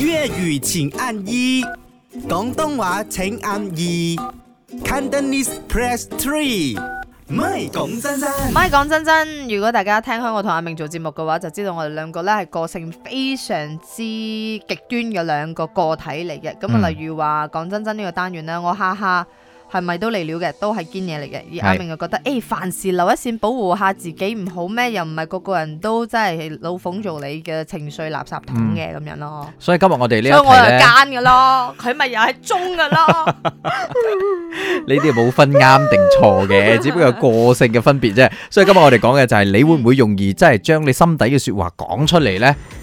粵語請按一，廣東話請按二，Cantonese press three。MY 講真真，MY 講真真。如果大家聽開我同阿明做節目嘅話，就知道我哋兩個咧係個性非常之極端嘅兩個個體嚟嘅。咁啊，例如話講真真呢個單元咧，我哈哈。係咪都嚟了嘅？都係堅嘢嚟嘅。而阿明又覺得，誒是、哎，凡事留一線，保護下自己唔好咩？又唔係個個人都真係老奉做你嘅情緒垃圾桶嘅咁、嗯、樣咯。所以今日我哋呢一，所以我就奸嘅咯，佢咪又係忠嘅咯。呢啲冇分啱定錯嘅，只不過個性嘅分別啫。所以今日我哋講嘅就係，你會唔會容易真係將你心底嘅説話講出嚟呢？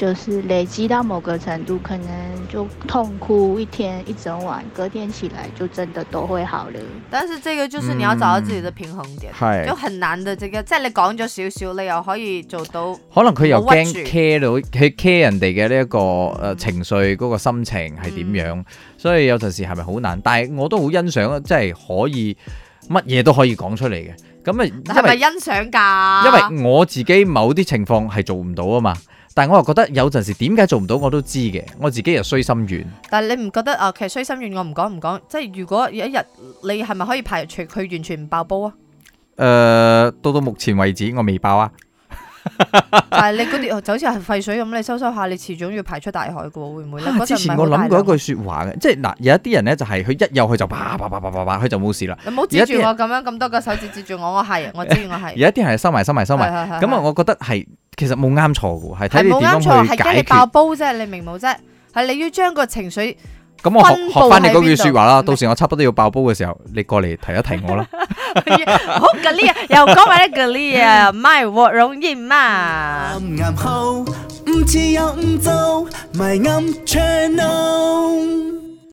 就是累積到某個程度，可能就痛哭一天一整晚，隔天起來就真的都會好了。但是這個就是你要找到自己的平衡點，係、嗯、就很難的。這個即係是你講咗少少，你又可以做到，可能佢又驚 care 到佢 care 人哋嘅呢一個誒情緒嗰、嗯、個心情係點樣，嗯、所以有陣時係咪好難？但係我都好欣賞啊，即、就、係、是、可以乜嘢都可以講出嚟嘅。咁啊，係咪欣賞噶？因為我自己某啲情況係做唔到啊嘛。但係我又覺得有陣時，點解做唔到我都知嘅，我自己又衰心軟。但係你唔覺得啊？其實衰心軟我唔講唔講，即係如果有一日你係咪可以排除佢完全唔爆煲啊？誒，到到目前為止我未爆啊。但係你嗰啲就好似係廢水咁，你收收下，你遲早要排出大海嘅，會唔會？嗰陣時我諗過一句說話嘅，即係嗱，有一啲人咧就係佢一入去就啪啪啪啪啪啪，佢就冇事啦。你唔好指住我咁樣咁多個手指指住我，我係，我知我係。有一啲係收埋收埋收埋。咁啊，我覺得係。其實冇啱錯嘅，係睇你點樣去解決。係驚你爆煲啫，你明冇啫？係你要將個情緒，咁我學翻你嗰句說話啦。到時我差不多要爆煲嘅時候，你過嚟提一提我啦。好吉利啊，又講埋啲吉利啊，my what wrong in ma。